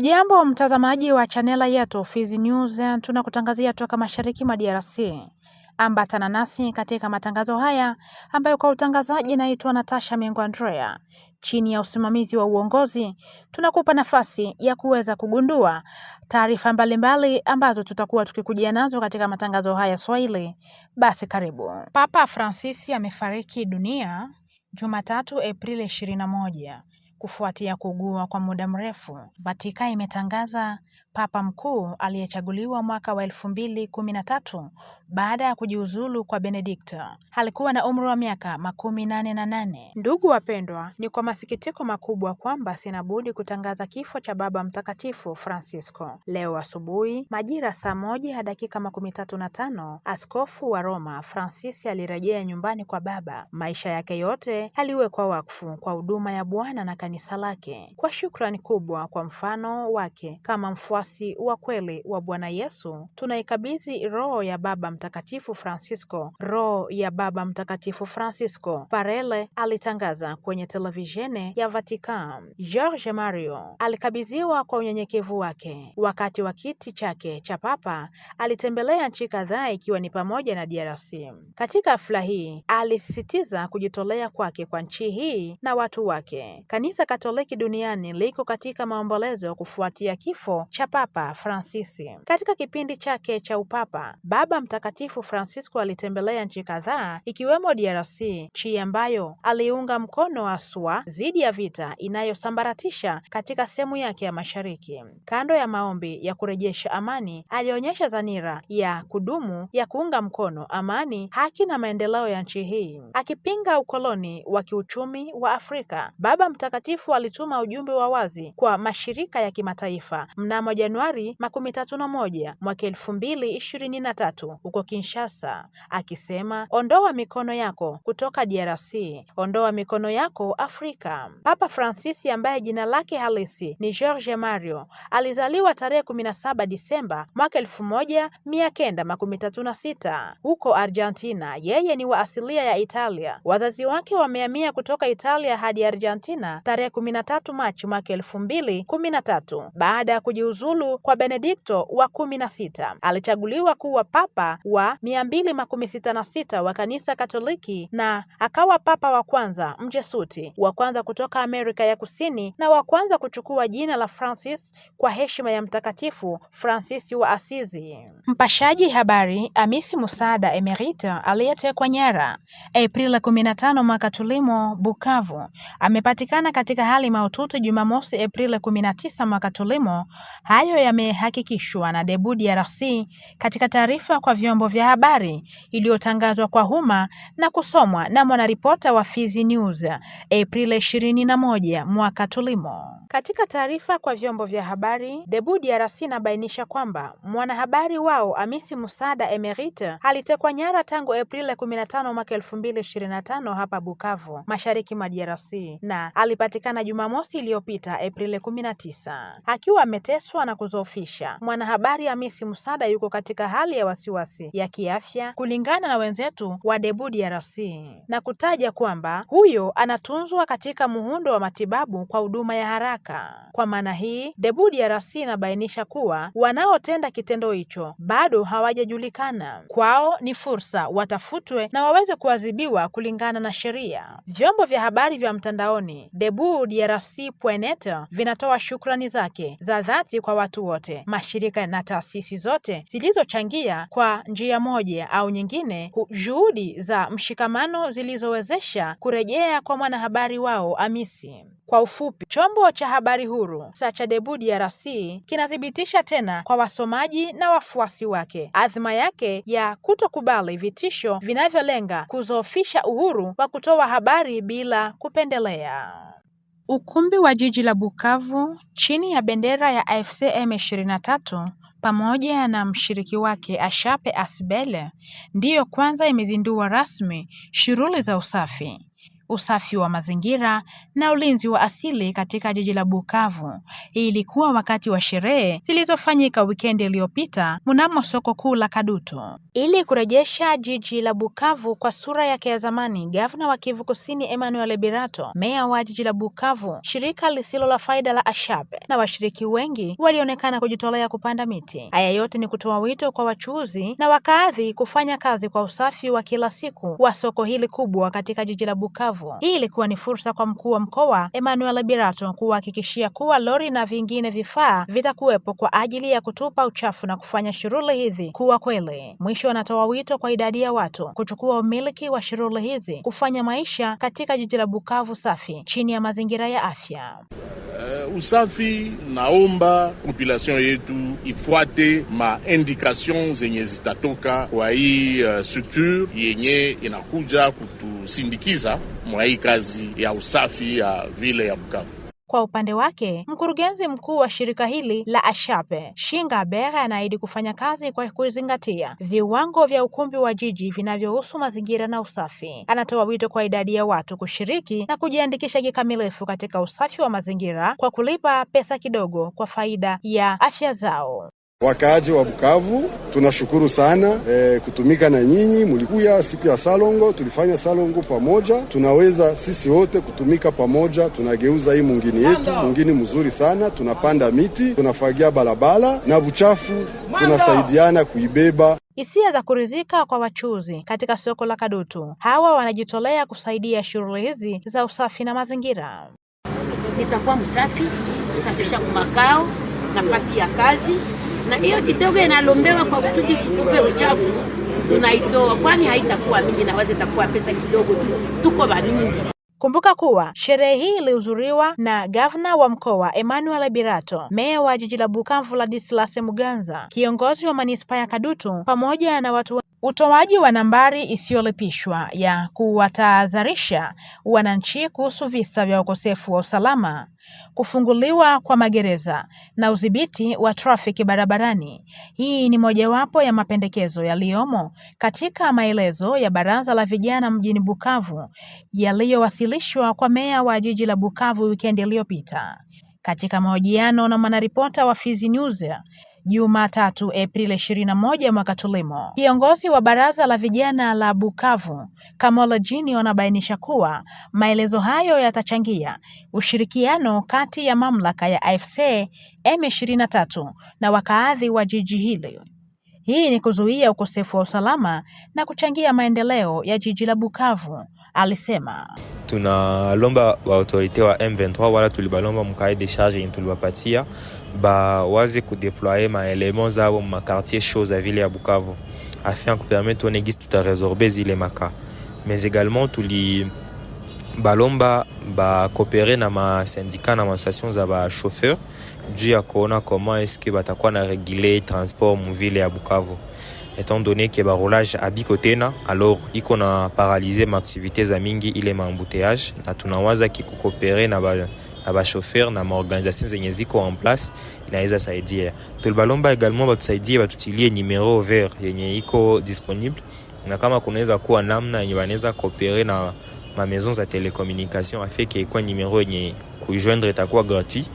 Hujambo mtazamaji wa chanela yetu Fizi News, tunakutangazia toka mashariki mwa DRC. Ambatana nasi katika matangazo haya ambayo kwa utangazaji naitwa Natasha Mengo Andrea. Chini ya usimamizi wa uongozi, tunakupa nafasi ya kuweza kugundua taarifa mbalimbali ambazo tutakuwa tukikujia nazo katika matangazo haya Swahili. Basi karibu. Papa Francis amefariki dunia Jumatatu Aprili 21 kufuatia kuugua kwa muda mrefu. Vatika imetangaza Papa mkuu aliyechaguliwa mwaka wa tatu baada ya kujiuzulu kwa Benedikto alikuwa na umri wa miaka makumi nane na nane. Ndugu wapendwa, ni kwa masikitiko makubwa kwamba sina budi kutangaza kifo cha Baba Mtakatifu Francisco. Leo asubuhi majira saa moja ya dakika makumi tatu na tano askofu wa Roma Francis alirejea nyumbani kwa Baba. Maisha yake yote aliwekwa wakfu kwa huduma ya Bwana na kanisa lake. Kwa shukrani kubwa kwa mfano wake kama mfuasi wafuasi wa kweli wa Bwana Yesu, tunaikabidhi roho ya Baba Mtakatifu Francisco, roho ya Baba Mtakatifu Francisco, Parele alitangaza kwenye televisheni ya Vatican. george Mario alikabidhiwa kwa unyenyekevu wake. Wakati wa kiti chake cha papa, alitembelea nchi kadhaa ikiwa ni pamoja na DRC. Katika hafla hii, alisisitiza kujitolea kwake kwa nchi hii na watu wake. Kanisa Katoliki duniani liko katika maombolezo kufuatia kifo cha Papa Fransisi. Katika kipindi chake cha upapa, Baba Mtakatifu Francisco alitembelea nchi kadhaa ikiwemo DRC, nchi ambayo aliunga mkono aswa dhidi ya vita inayosambaratisha katika sehemu yake ya mashariki. Kando ya maombi ya kurejesha amani, alionyesha dhamira ya kudumu ya kuunga mkono amani, haki na maendeleo ya nchi hii. Akipinga ukoloni wa kiuchumi wa Afrika, Baba Mtakatifu alituma ujumbe wa wazi kwa mashirika ya kimataifa mnamo Januari makumi tatu na moja mwaka elfu mbili ishirini na tatu huko Kinshasa akisema ondoa mikono yako kutoka DRC, ondoa mikono yako Afrika. Papa Francis ambaye jina lake halisi ni George Mario alizaliwa tarehe saba Disemba mwaka elfu moja sita huko Argentina. Yeye ni wa asilia ya Italia. Wazazi wake wamehamia kutoka Italia hadi Argentina tarehe tatu Machi mwaka elfu tatu baada ya kujiuzulu kujiuzulu kwa Benedikto wa kumi na sita. Alichaguliwa kuwa papa wa mia mbili makumi sita na sita wa kanisa Katoliki na akawa papa wa kwanza mjesuti wa kwanza kutoka Amerika ya Kusini na wa kwanza kuchukua jina la Francis kwa heshima ya Mtakatifu Francis wa Asizi. Mpashaji habari Amisi musada Emerita aliyetekwa nyara Aprili 15 mwaka tulimo Bukavu amepatikana katika hali mahututi Jumamosi Aprili 19 mwaka tulimo. Hayo yamehakikishwa na Debu DRC katika taarifa kwa vyombo vya habari iliyotangazwa kwa umma na kusomwa na mwanaripota wa Fizi News Aprili 21 mwaka tulimo. Katika taarifa kwa vyombo vya habari, Debu DRC inabainisha kwamba mwanahabari wao Amisi Musada Emerite alitekwa nyara tangu Aprili 15 mwaka 2025 hapa Bukavu, mashariki mwa DRC na alipatikana Jumamosi iliyopita Aprili 19 akiwa ameteswa na kuzoofisha. Mwanahabari Amisi Musada yuko katika hali ya wasiwasi ya kiafya kulingana na wenzetu wa Debu DRC na kutaja kwamba huyo anatunzwa katika muhundo wa matibabu kwa huduma ya haraka mamlaka. Kwa maana hii, Debu DRC inabainisha kuwa wanaotenda kitendo hicho bado hawajajulikana. Kwao ni fursa, watafutwe na waweze kuadhibiwa kulingana na sheria. Vyombo vya habari vya mtandaoni Debu DRC.net vinatoa shukrani zake za dhati kwa watu wote, mashirika na taasisi zote zilizochangia kwa njia moja au nyingine juhudi za mshikamano zilizowezesha kurejea kwa mwanahabari wao amisi Kwa ufupi, chombo cha habari huru sa cha Debu DRC kinathibitisha tena kwa wasomaji na wafuasi wake azma yake ya kutokubali vitisho vinavyolenga kuzoofisha uhuru wa kutoa habari bila kupendelea. Ukumbi wa jiji la Bukavu chini ya bendera ya AFC M23 pamoja na mshiriki wake Ashape Asbele ndiyo kwanza imezindua rasmi shughuli za usafi usafi wa mazingira na ulinzi wa asili katika jiji la Bukavu. Hii ilikuwa wakati wa sherehe zilizofanyika wikendi iliyopita mnamo soko kuu la Kadutu. Ili kurejesha jiji la Bukavu kwa sura yake ya zamani, gavana wa Kivu Kusini Emmanuel Birato, meya wa jiji la Bukavu, shirika lisilo la faida la Ashape na washiriki wengi walionekana kujitolea kupanda miti. Haya yote ni kutoa wito kwa wachuuzi na wakaadhi kufanya kazi kwa usafi wa kila siku wa soko hili kubwa katika jiji la Bukavu kavu. Hii ilikuwa ni fursa kwa mkuu wa mkoa Emmanuel Birato kuhakikishia kuwa lori na vingine vifaa vitakuwepo kwa ajili ya kutupa uchafu na kufanya shughuli hizi kuwa kweli. Mwisho anatoa wito kwa idadi ya watu kuchukua umiliki wa shughuli hizi kufanya maisha katika jiji la Bukavu safi chini ya mazingira ya afya. Uh, usafi, naomba population yetu ifuate ma indication zenye zitatoka kwa hii uh, eh, strukture yenye inakuja kutusindikiza mwa hii kazi ya usafi ya vile ya Bukavu. Kwa upande wake mkurugenzi mkuu wa shirika hili la Ashape Shinga Bera anaahidi kufanya kazi kwa kuzingatia viwango vya ukumbi wa jiji vinavyohusu mazingira na usafi. Anatoa wito kwa idadi ya watu kushiriki na kujiandikisha kikamilifu katika usafi wa mazingira kwa kulipa pesa kidogo kwa faida ya afya zao. Wakaaji wa Bukavu tunashukuru sana e, kutumika na nyinyi. Mlikuya siku ya Salongo, tulifanya Salongo pamoja. Tunaweza sisi wote kutumika pamoja, tunageuza hii mungini yetu mungini mzuri sana. Tunapanda miti, tunafagia barabara na buchafu, tunasaidiana kuibeba. Hisia za kuridhika kwa wachuzi katika soko la Kadutu, hawa wanajitolea kusaidia shughuli hizi za usafi na mazingira. Nitakuwa msafi, kusafisha makao, nafasi ya kazi na hiyo kidogo inalombewa kwa kusudi kukufe uchafu tunaitoa, kwani haitakuwa mingi na wazi, itakuwa pesa kidogo tu, tuko wamingi Kumbuka kuwa sherehe hii ilihudhuriwa na gavana wa mkoa Emmanuel Birato, meya wa jiji la Bukavu Ladislas Muganza, kiongozi wa manispaa ya Kadutu pamoja na watu Utoaji wa nambari isiyolipishwa ya kuwatahadharisha wananchi kuhusu visa vya ukosefu wa usalama, kufunguliwa kwa magereza na udhibiti wa trafiki barabarani. Hii ni mojawapo ya mapendekezo yaliyomo katika maelezo ya Baraza la Vijana mjini Bukavu yaliyowasilishwa kwa meya wa jiji la Bukavu wikendi iliyopita. Katika mahojiano na mwanaripota wa Fizi News, Jumatatu Aprili 21 mwaka tulimo. Kiongozi wa baraza la vijana la Bukavu Kamola Jini wanabainisha kuwa maelezo hayo yatachangia ushirikiano kati ya mamlaka ya AFC M23 na wakaadhi wa jiji hili. Hii ni kuzuia ukosefu wa usalama na kuchangia maendeleo ya jiji la Bukavu, alisema. Tunalomba wa autorite wa M23 wala tulibalomba mkae charge tuliwapatia bawaze kudeploye maelema zabo mu makartier chaud za ville ya Bukavu afin ya kupermet tuone gisi tutaresorbe zile maka mais également tuli balomba coopérer na ma na mastation za bashofeur juu ya kuona comment eske batakuwa na regule transport mu ville ya Bukavu étant donné que barolage abiko tena alors iko na paralyse maaktivité za mingi ile maembouteillage na tunawaza kikukoopere na ba na na maorganization zenye ziko en place inaweza saidia. Tulibalomba egalement batusaidie batutilie numero vert yenye iko disponible, na kama kunaweza kuwa namna yenye wanaweza na ma maison za telecommunication afeke ikuwa numero yenye kujoindre itakuwa gratuit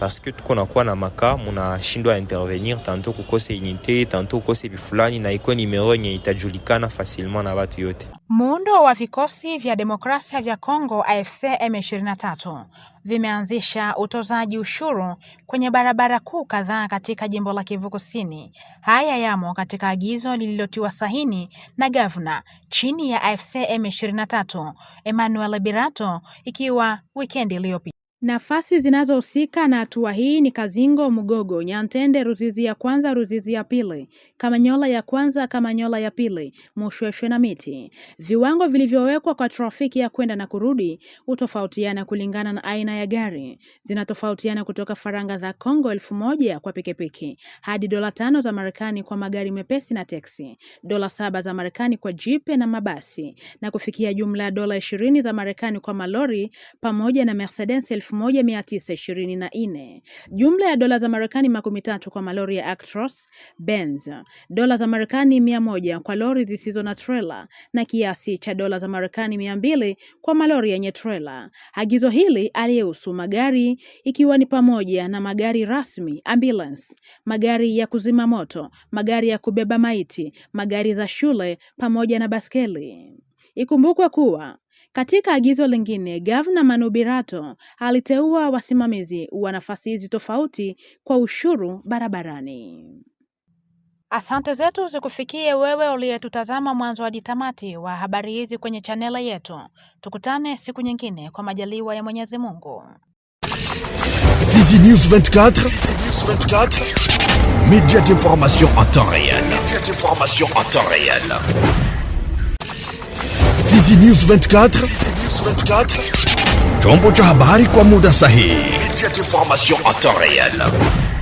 parce que tuko nakuwa na makaa munashindwa intervenir, tanto kukose unité, tanto kukose bifulani, na iko numero yenye itajulikana facilement na watu yote. Muundo wa vikosi vya demokrasia vya Kongo AFC M23 vimeanzisha utozaji ushuru kwenye barabara kuu kadhaa katika jimbo la Kivu Kusini. Haya yamo katika agizo lililotiwa sahini na gavana chini ya AFC M23 Emmanuel Birato ikiwa wikendi iliyopita. Nafasi zinazohusika na hatua hii ni Kazingo, Mgogo, Nyantende, Ruzizi ya kwanza, Ruzizi ya pili, Kamanyola ya kwanza, Kamanyola ya pili, Mushweshwe na Miti. Viwango vilivyowekwa kwa trafiki ya kwenda na kurudi hutofautiana kulingana na aina ya gari, zinatofautiana kutoka faranga za Kongo elfu moja kwa pikipiki hadi dola tano za Marekani kwa magari mepesi na teksi, dola saba za Marekani kwa jipe na mabasi, na kufikia jumla ya dola ishirini za Marekani kwa malori pamoja na Mercedes elfu 1924, jumla ya dola za Marekani makumi tatu kwa malori ya Actros Benz, dola za Marekani moja kwa lori zisizo na trela na kiasi cha dola za Marekani mbili kwa malori yenye trela. Agizo hili aliyehusu magari ikiwa ni pamoja na magari rasmi, ambulance, magari ya kuzima moto, magari ya kubeba maiti, magari za shule pamoja na baskeli. Ikumbukwe kuwa katika agizo lingine, Gavana Manubirato aliteua wasimamizi wa nafasi hizi tofauti kwa ushuru barabarani. Asante zetu zikufikie wewe uliyetutazama mwanzo hadi tamati wa habari hizi kwenye chaneli yetu. Tukutane siku nyingine kwa majaliwa ya Mwenyezi Mungu. Fizi News 24, Fizi 24, média d'information en temps réel, Media d'information en temps réel. Fizi News 24. Fizi News 24. Chombo cha habari kwa muda sahihi. Media d'information em temps réel.